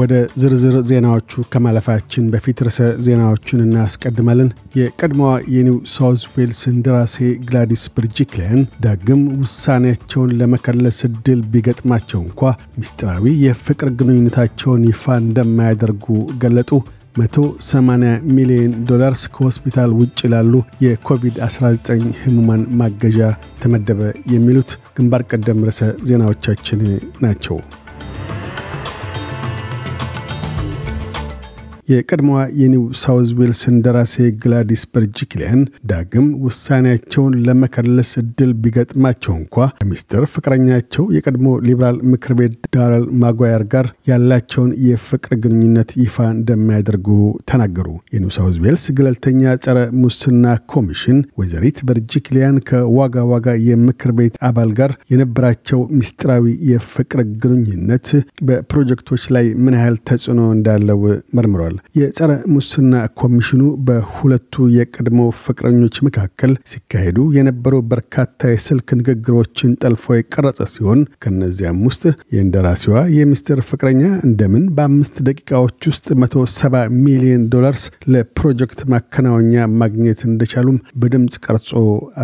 ወደ ዝርዝር ዜናዎቹ ከማለፋችን በፊት ርዕሰ ዜናዎቹን እናስቀድማለን። የቀድሞዋ የኒው ሳውዝ ዌልስ እንደራሴ ግላዲስ ብርጅክሊያን ዳግም ውሳኔያቸውን ለመከለስ እድል ቢገጥማቸው እንኳ ምስጢራዊ የፍቅር ግንኙነታቸውን ይፋ እንደማያደርጉ ገለጡ። 180 ሚሊዮን ዶላርስ ከሆስፒታል ውጭ ላሉ የኮቪድ-19 ህሙማን ማገዣ ተመደበ። የሚሉት ግንባር ቀደም ርዕሰ ዜናዎቻችን ናቸው። የቀድሞዋ የኒው ሳውዝ ዌልስን ደራሴ ግላዲስ በርጅክሊያን ዳግም ውሳኔያቸውን ለመከለስ እድል ቢገጥማቸው እንኳ ከሚስጥር ፍቅረኛቸው የቀድሞ ሊበራል ምክር ቤት ዳረል ማጓያር ጋር ያላቸውን የፍቅር ግንኙነት ይፋ እንደሚያደርጉ ተናገሩ። የኒው ሳውዝ ዌልስ ገለልተኛ ጸረ ሙስና ኮሚሽን ወይዘሪት በርጅክሊያን ከዋጋ ዋጋ የምክር ቤት አባል ጋር የነበራቸው ሚስጥራዊ የፍቅር ግንኙነት በፕሮጀክቶች ላይ ምን ያህል ተጽዕኖ እንዳለው መርምሯል። ተናግረዋል። የጸረ ሙስና ኮሚሽኑ በሁለቱ የቀድሞ ፍቅረኞች መካከል ሲካሄዱ የነበሩ በርካታ የስልክ ንግግሮችን ጠልፎ የቀረጸ ሲሆን ከነዚያም ውስጥ የእንደራሴዋ የሚኒስትር ፍቅረኛ እንደምን በአምስት ደቂቃዎች ውስጥ 170 ሚሊዮን ዶላርስ ለፕሮጀክት ማከናወኛ ማግኘት እንደቻሉም በድምፅ ቀርጾ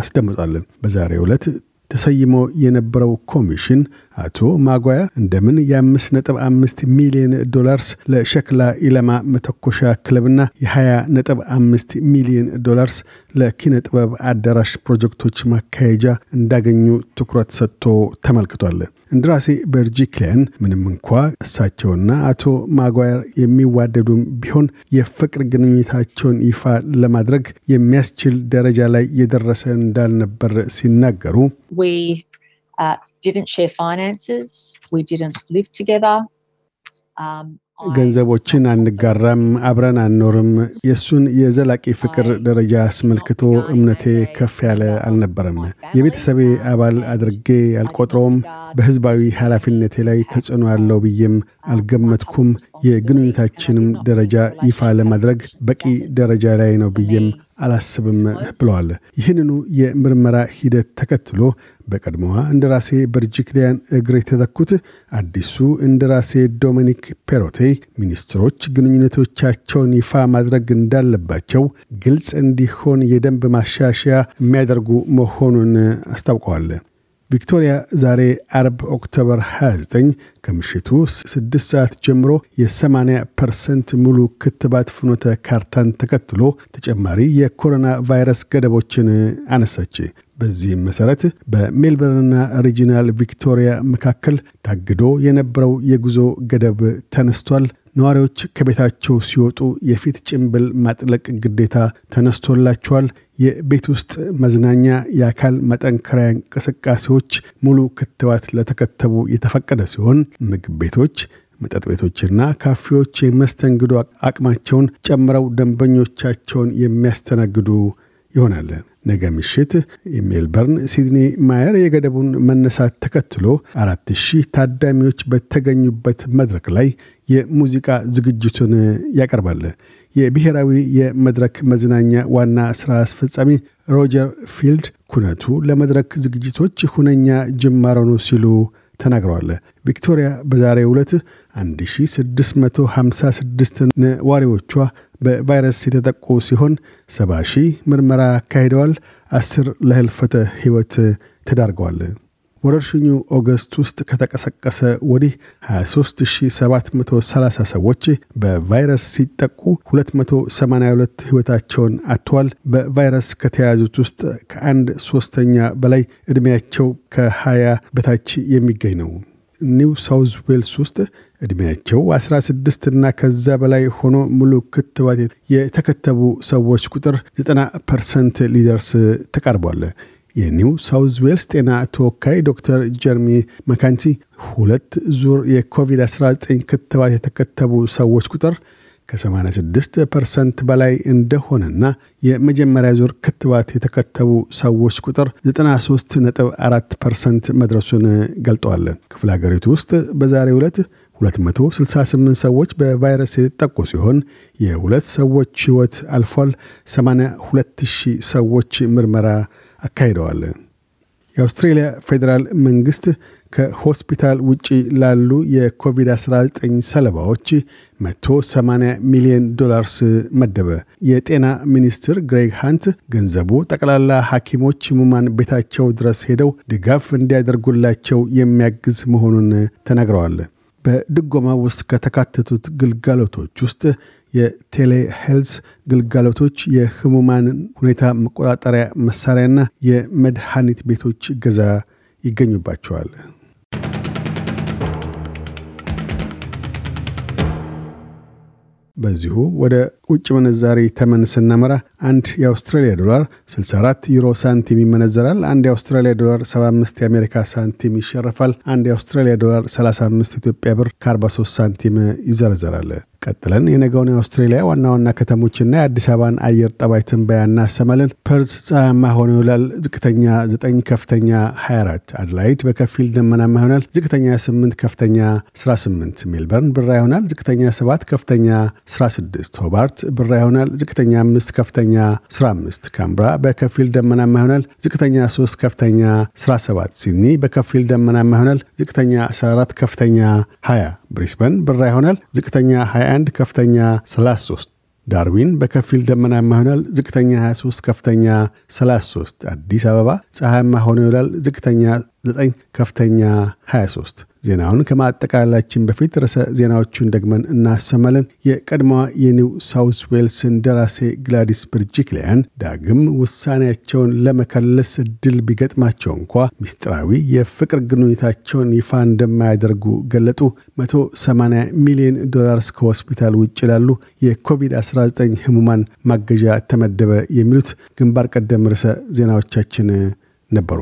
አስደምጧል። በዛሬ ዕለት ተሰይሞ የነበረው ኮሚሽን አቶ ማጓያ እንደምን የ5.5 ሚሊዮን ዶላርስ ለሸክላ ኢላማ መተኮሻ ክለብና የ 25 ሚሊዮን ዶላርስ ለኪነ ጥበብ አዳራሽ ፕሮጀክቶች ማካሄጃ እንዳገኙ ትኩረት ሰጥቶ ተመልክቷል። እንድራሴ በርጂክሊያን ምንም እንኳ እሳቸውና አቶ ማጓየር የሚዋደዱም ቢሆን የፍቅር ግንኙታቸውን ይፋ ለማድረግ የሚያስችል ደረጃ ላይ የደረሰ እንዳልነበር ሲናገሩ uh, didn't share finances we didn't live together um, ገንዘቦችን አንጋራም፣ አብረን አንኖርም። የእሱን የዘላቂ ፍቅር ደረጃ አስመልክቶ እምነቴ ከፍ ያለ አልነበረም። የቤተሰቤ አባል አድርጌ አልቆጥረውም። በሕዝባዊ ኃላፊነቴ ላይ ተጽዕኖ ያለው ብዬም አልገመትኩም። የግንኙነታችንም ደረጃ ይፋ ለማድረግ በቂ ደረጃ ላይ ነው ብዬም አላስብም ብለዋል። ይህንኑ የምርመራ ሂደት ተከትሎ በቀድሞዋ እንደራሴ በርጅክሊያን እግር የተተኩት አዲሱ እንደራሴ ዶሚኒክ ፔሮቴ ሚኒስትሮች ግንኙነቶቻቸውን ይፋ ማድረግ እንዳለባቸው ግልጽ እንዲሆን የደንብ ማሻሻያ የሚያደርጉ መሆኑን አስታውቀዋል። ቪክቶሪያ ዛሬ አርብ ኦክቶበር 29 ከምሽቱ 6 ሰዓት ጀምሮ የ80 ፐርሰንት ሙሉ ክትባት ፍኖተ ካርታን ተከትሎ ተጨማሪ የኮሮና ቫይረስ ገደቦችን አነሳች። በዚህም መሠረት በሜልበርንና ሪጂናል ቪክቶሪያ መካከል ታግዶ የነበረው የጉዞ ገደብ ተነስቷል። ነዋሪዎች ከቤታቸው ሲወጡ የፊት ጭንብል ማጥለቅ ግዴታ ተነስቶላቸዋል። የቤት ውስጥ መዝናኛ፣ የአካል መጠንከሪያ እንቅስቃሴዎች ሙሉ ክትባት ለተከተቡ የተፈቀደ ሲሆን ምግብ ቤቶች መጠጥ ቤቶችና ካፌዎች የመስተንግዶ አቅማቸውን ጨምረው ደንበኞቻቸውን የሚያስተናግዱ ይሆናል። ነገ ምሽት የሜልበርን ሲድኒ ማየር የገደቡን መነሳት ተከትሎ አራት ሺህ ታዳሚዎች በተገኙበት መድረክ ላይ የሙዚቃ ዝግጅቱን ያቀርባል። የብሔራዊ የመድረክ መዝናኛ ዋና ሥራ አስፈጻሚ ሮጀር ፊልድ ኩነቱ ለመድረክ ዝግጅቶች ሁነኛ ጅማሮ ነው ሲሉ ተናግረዋል። ቪክቶሪያ በዛሬ ዕለት 1656 ነዋሪዎቿ በቫይረስ የተጠቁ ሲሆን 70 ሺህ ምርመራ አካሂደዋል። 10 ለህልፈተ ሕይወት ተዳርገዋል። ወረርሽኙ ኦገስት ውስጥ ከተቀሰቀሰ ወዲህ 23730 ሰዎች በቫይረስ ሲጠቁ 282 ሕይወታቸውን አጥተዋል። በቫይረስ ከተያዙት ውስጥ ከአንድ ሶስተኛ በላይ ዕድሜያቸው ከ20 በታች የሚገኝ ነው። ኒው ሳውዝ ዌልስ ውስጥ ዕድሜያቸው 16 እና ከዛ በላይ ሆኖ ሙሉ ክትባት የተከተቡ ሰዎች ቁጥር 90 ፐርሰንት ሊደርስ ተቃርቧል። የኒው ሳውዝ ዌልስ ጤና ተወካይ ዶክተር ጀርሚ መካንቲ ሁለት ዙር የኮቪድ-19 ክትባት የተከተቡ ሰዎች ቁጥር ከ86 ፐርሰንት በላይ እንደሆነና የመጀመሪያ ዙር ክትባት የተከተቡ ሰዎች ቁጥር 93 ፐርሰንት መድረሱን ገልጠዋል። ክፍለ ሀገሪቱ ውስጥ በዛሬ ዕለት 268 ሰዎች በቫይረስ የተጠቁ ሲሆን የሁለት ሰዎች ሕይወት አልፏል። 82 ሺህ ሰዎች ምርመራ አካሂደዋል። የአውስትሬልያ ፌዴራል መንግሥት ከሆስፒታል ውጪ ላሉ የኮቪድ-19 ሰለባዎች 180 ሚሊዮን ዶላርስ መደበ። የጤና ሚኒስትር ግሬግ ሃንት ገንዘቡ ጠቅላላ ሐኪሞች ሕሙማን ቤታቸው ድረስ ሄደው ድጋፍ እንዲያደርጉላቸው የሚያግዝ መሆኑን ተናግረዋል። በድጎማ ውስጥ ከተካተቱት ግልጋሎቶች ውስጥ የቴሌሄልዝ ግልጋሎቶች፣ የህሙማንን ሁኔታ መቆጣጠሪያ መሳሪያና የመድኃኒት ቤቶች ገዛ ይገኙባቸዋል። በዚሁ ወደ ውጭ ምንዛሪ ተመን ስናመራ አንድ የአውስትራሊያ ዶላር 64 ዩሮ ሳንቲም ይመነዘራል። አንድ የአውስትራሊያ ዶላር 75 የአሜሪካ ሳንቲም ይሸርፋል። አንድ የአውስትራሊያ ዶላር 35 ኢትዮጵያ ብር ከ43 ሳንቲም ይዘረዘራል። ቀጥለን የነገውን የአውስትሬሊያ ዋና ዋና ከተሞችና የአዲስ አበባን አየር ጠባይ ትንበያ እናሰማለን። ፐርዝ ፀሐያማ ሆኖ ይውላል። ዝቅተኛ 9፣ ከፍተኛ 24። አድላይድ በከፊል ደመናማ ይሆናል። ዝቅተኛ 8፣ ከፍተኛ 18። ሜልበርን ብራ ይሆናል። ዝቅተኛ 7፣ ከፍተኛ 16። ሆባርት ብራ ይሆናል። ዝቅተኛ 5፣ ከፍተኛ ከፍተኛ 15 ካምብራ በከፊል ደመናማ ይሆናል። ዝቅተኛ 3 ከፍተኛ 17 ሲድኒ በከፊል ደመናማ ይሆናል። ዝቅተኛ 14 ከፍተኛ 20 ብሪስበን ብራ ይሆናል። ዝቅተኛ 21 ከፍተኛ 33 ዳርዊን በከፊል ደመናማ ይሆናል። ዝቅተኛ 23 ከፍተኛ 33 አዲስ አበባ ፀሐያማ ሆኖ ይውላል። ዝቅተኛ 9 ከፍተኛ 23 ዜናውን ከማጠቃላችን በፊት ርዕሰ ዜናዎቹን ደግመን እናሰማለን። የቀድሞዋ የኒው ሳውስ ዌልስ እንደራሴ ግላዲስ ብርጅክሊያን ዳግም ውሳኔያቸውን ለመከለስ እድል ቢገጥማቸው እንኳ ሚስጢራዊ የፍቅር ግንኙነታቸውን ይፋ እንደማያደርጉ ገለጡ። 180 ሚሊዮን ዶላርስ ከሆስፒታል ውጭ ላሉ የኮቪድ-19 ህሙማን ማገዣ ተመደበ። የሚሉት ግንባር ቀደም ርዕሰ ዜናዎቻችን ነበሩ።